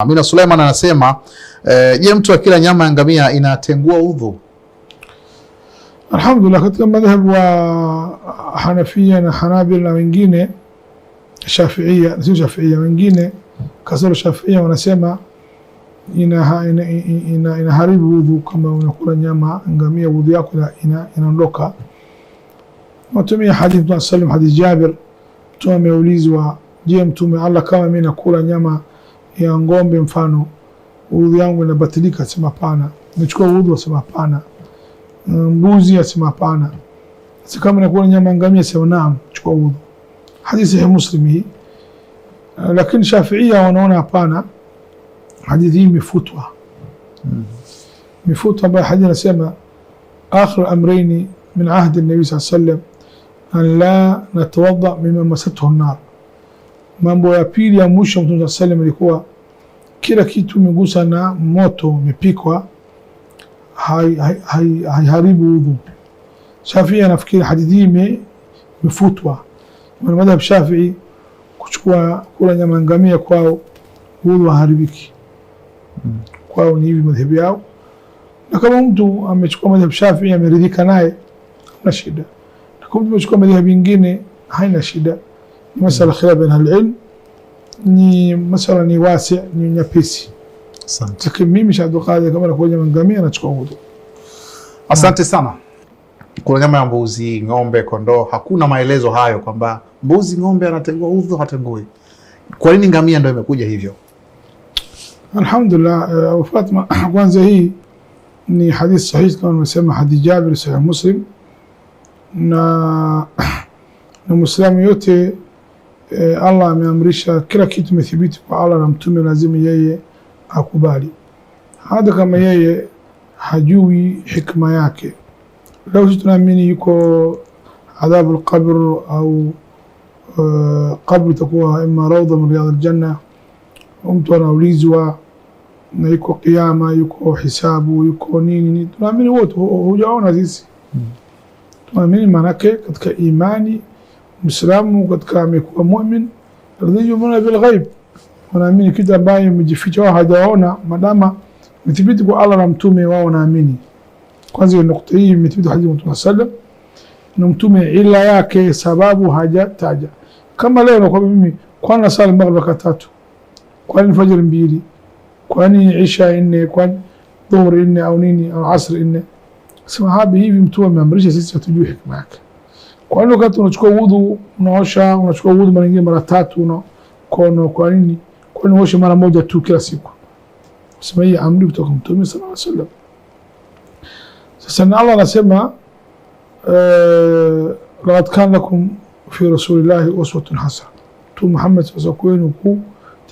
Amina Suleiman anasema eh, je, mtu akila nyama ya ngamia inatengua udhu? Alhamdulillah, katika madhhabu wa Hanafia na Hanabila na wengine Shafiia, sio Shafiia, wengine kasoro Shafiia wanasema haribu udhu kama unakula nyama ngamia, udhu yako inaondoka. Watumia hadithi Mtume Jabir, Mtume ameulizwa, je, Mtume Allah, kama mimi nakula nyama ya ng'ombe mfano, udhu yangu inabatilika, asema hapana. Nachukua udhu, asema hapana. Eh, mbuzi, asema hapana. Sasa kama inakuwa nyama ngamia, asema naam, chukua udhu. Hadithi ya Muslim hii, eh, lakini Shafiia wanaona hapana, hadithi hii imefutwa, hmm. imefutwa ambayo hadithi inasema akhiru amraini min ahdi nabii saa sallam an la natawadda mima masathu nar Mambo ya pili ya mwisho Mtume Muhammad sallam ilikuwa kila kitu migusa na moto umepikwa, haiharibu hai, hai udhu. Shafii anafikiri hadithi hii imefutwa kwa madhhabu Shafii, kuchukua kula nyama ngamia kwao udhu haharibiki. Mm. Kwao ni hivi madhhabu yao, na kama mtu amechukua madhhabu Shafii ameridhika naye, hamna shida, na kama mtu amechukua madhhabu ingine haina shida. خلاف masala العلم ني alilm ني واسع ني wasi ni لكن مين مش mimi Sheikh Abdul Qadir من nakuja ngamia تشكو udhu. Asante sana. Kuna nyama ya mbuzi, ng'ombe, kondoo, hakuna maelezo hayo kwamba mbuzi, ng'ombe anatengua udhu, hatengui. Kwa nini ngamia ndio imekuja hivyo? Alhamdulillah. Eh, uh, Fatma, kwanza hii ni hadith sahih kama nimesema, hadith Jabir, Sahih Muslim na na Muislamu yote e, Allah ameamrisha kila kitu, imethibiti kwa Allah na mtume, lazima yeye akubali, hata kama yeye hajui hikma yake. Lau si tunaamini yuko adhabu alqabr au uh, e, qabri itakuwa ima raudha min riyadh aljanna, mtu anaulizwa na yuko kiyama, yuko hisabu, yuko nini. Tunaamini wote, hujaona sisi, hmm. tunaamini maanake katika imani Mwislamu katika amekuwa muumini radhiyumuna bilghaib, wanaamini kitu ambayo mjificha wao hajaona, madama imethibiti kwa Allah na mtume wao wanaamini. Kwanza hiyo nukta hii imethibiti hadithi Mtume sallam na mtume, ila yake sababu hajataja. Kama leo nakwambia mimi, kwani nasali maghrib raka tatu, kwani fajr mbili, kwani isha nne, kwani dhuhuri nne au nini au asr nne, sema hivi mtume ameamrisha, sisi hatujui hikma yake. Kwa nini wakati unachukua udhu unaosha, unachukua udhu mara nyingine mara tatu una kono? Kwa nini kwa nini uoshe mara moja tu kila siku? Sema hii amri kutoka Mtume sallallahu alaihi wasallam. Sasa na Allah anasema eh, laqad kana lakum fi rasulillahi uswatun hasana, tu Muhammad sasa kwenu ku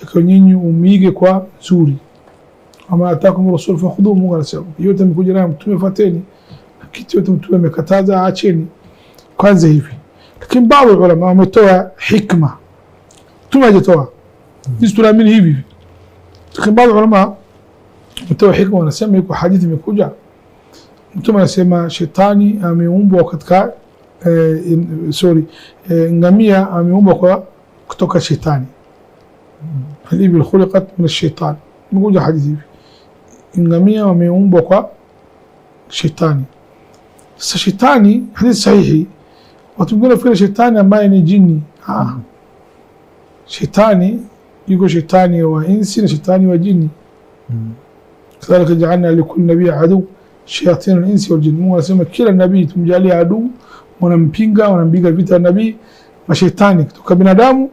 takao nyinyi umige kwa nzuri. ama atakum rasul fakhudhu, Mungu anasema yote mkuja nayo mtume fateni, kitu yote mtume amekataza acheni كان زيفي لكن بعض العلماء متوا حكمة توما جتوا يستر من هيبي لكن بعض العلماء متوا حكمة أنا سمي يكو حديث مي كوجا متوا سما شيطاني أمي أم بوقت كا آه، سوري آه، نعمية أمي أم بوقت كتوكا شيطاني الإبل خلقت من الشيطان موجود حديث هيبي إنغامية أمي أم بوقت شيطاني الشيطاني حديث صحيحي Watu wengine wanafikiri shetani ambaye ni jini. Ah. Mm-hmm. Shetani yuko shetani wa insi na shetani wa jini. Mm. Kadhalika jaalna likulli nabii adu shayatin al-insi wal jinn. Mungu anasema kila nabii tumjalia adu, wanampinga, wanampiga vita nabii mashetani kutoka binadamu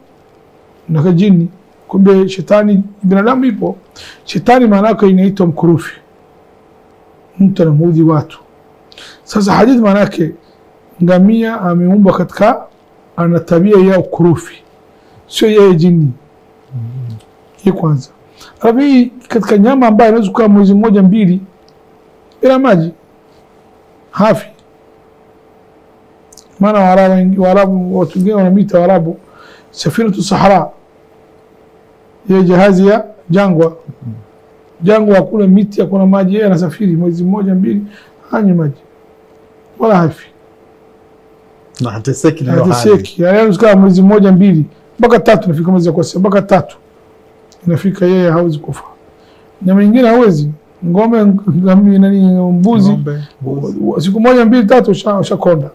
na jini. Kumbe shetani binadamu ipo. Shetani maana yake inaitwa mkurufi, mtu anamudhi watu. Sasa hadithi maana yake ngamia ameumbwa katika, ana tabia ya ukurufi, sio yeye jini hii kwanza. Alafu hii katika nyama ambayo inaweza kukaa mwezi mmoja mbili bila maji hafi. Maana Waarabu, watu wengine wanamita Waarabu safinatu sahara, ye jahazi ya jangwa. Jangwa hakuna miti, hakuna maji, yeye anasafiri mwezi mmoja mbili hanywi maji wala hafi na hateseki na hateseki, yani anakaa mwezi mmoja mbili mpaka tatu, nafika mwezi wa kuosa mpaka tatu inafika, yeye hawezi kufa, nyama nyingine hawezi ngombe, ngamia, nani, mbuzi, siku moja mbili tatu ushakonda,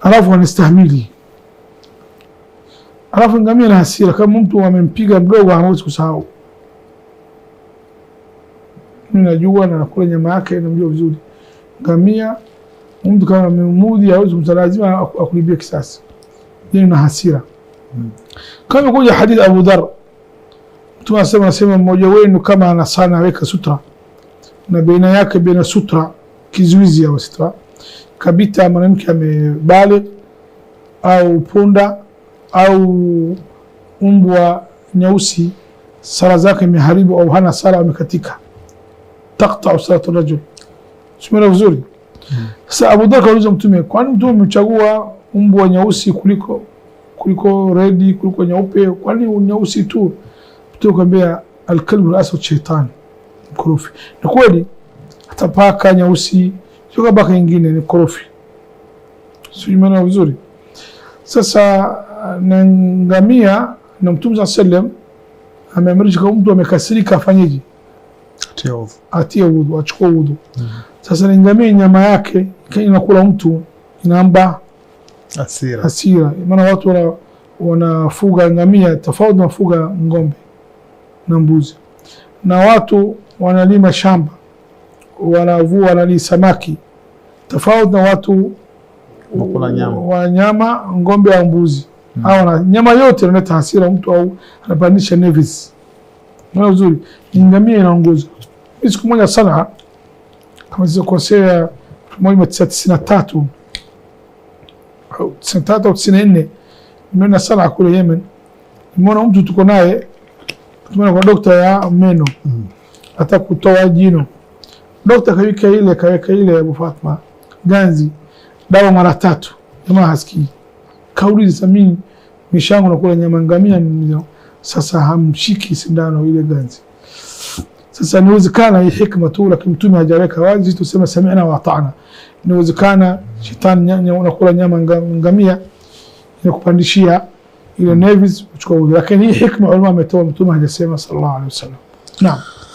alafu anastahimili. Alafu ngamia na hasira, kama mtu amempiga mdogo hawezi kusahau. Mimi najua na nakula nyama yake, namjua vizuri ngamia mtu kama amemuudhi hawezi kumsalazima akulipia kisasi, yani na hasira mm. kama kuja hadith Abu Dhar, mtu anasema anasema mmoja wenu kama ana sana weka sutra na baina yake baina sutra kizuizi ya sutra kabita, mwanamke amebale au punda au umbwa nyeusi, sala zake imeharibu au hana sala, amekatika, taqta salatu rajul. Sumena vizuri sasa Abu Dhaka aliuliza Mtume, kwani Mtume umechagua mbwa nyeusi kuliko kuliko redi kuliko nyeupe, kwani nyeusi tu? Mtume akamwambia alkalbu alaswad shaitani mkorofi. Na kweli hata paka nyeusi sio paka nyingine, ni korofi, sio maana nzuri. Sasa uh, na ngamia, na Mtume saa sallam ameamrisha kwa mtu amekasirika afanyeje? Atie udhu, achukue udhu. mm -hmm. Sasa ni ngamia, nyama yake inakula mtu, inamba hasira hasira. Maana watu wana wanafuga ngamia tofauti na fuga ng'ombe na mbuzi, na watu wanalima shamba, wanavua, wanali samaki tofauti na watu wakula nyama, ng'ombe au mbuzi hmm. au nyama yote inaleta hasira mtu, au anapandisha nevis. Maana uzuri ngamia inaongoza. Siku moja sana kama zilizokosea 1993 au 93 au 94, nimeona sana kule Yemen, nimeona mtu tuko naye tumeona kwa dokta ya meno mm. hata kutoa jino, dokta kaweka ile kaweka ile Abu Fatma ganzi dawa mara tatu, jamaa hasikii. Kauliza mimi mishango na kula nyama ngamia, sasa hamshiki sindano ile ganzi sasa inawezekana hii hikma tu, lakini mtume hajaweka wazi tuseme sami'na wa ata'na. Inawezekana shetani unakula nyama ngamia inakupandishia ile nevis, uchukua lakini hii hikma ulama ametoa, mtume hajasema sallallahu alaihi wasallam. Naam.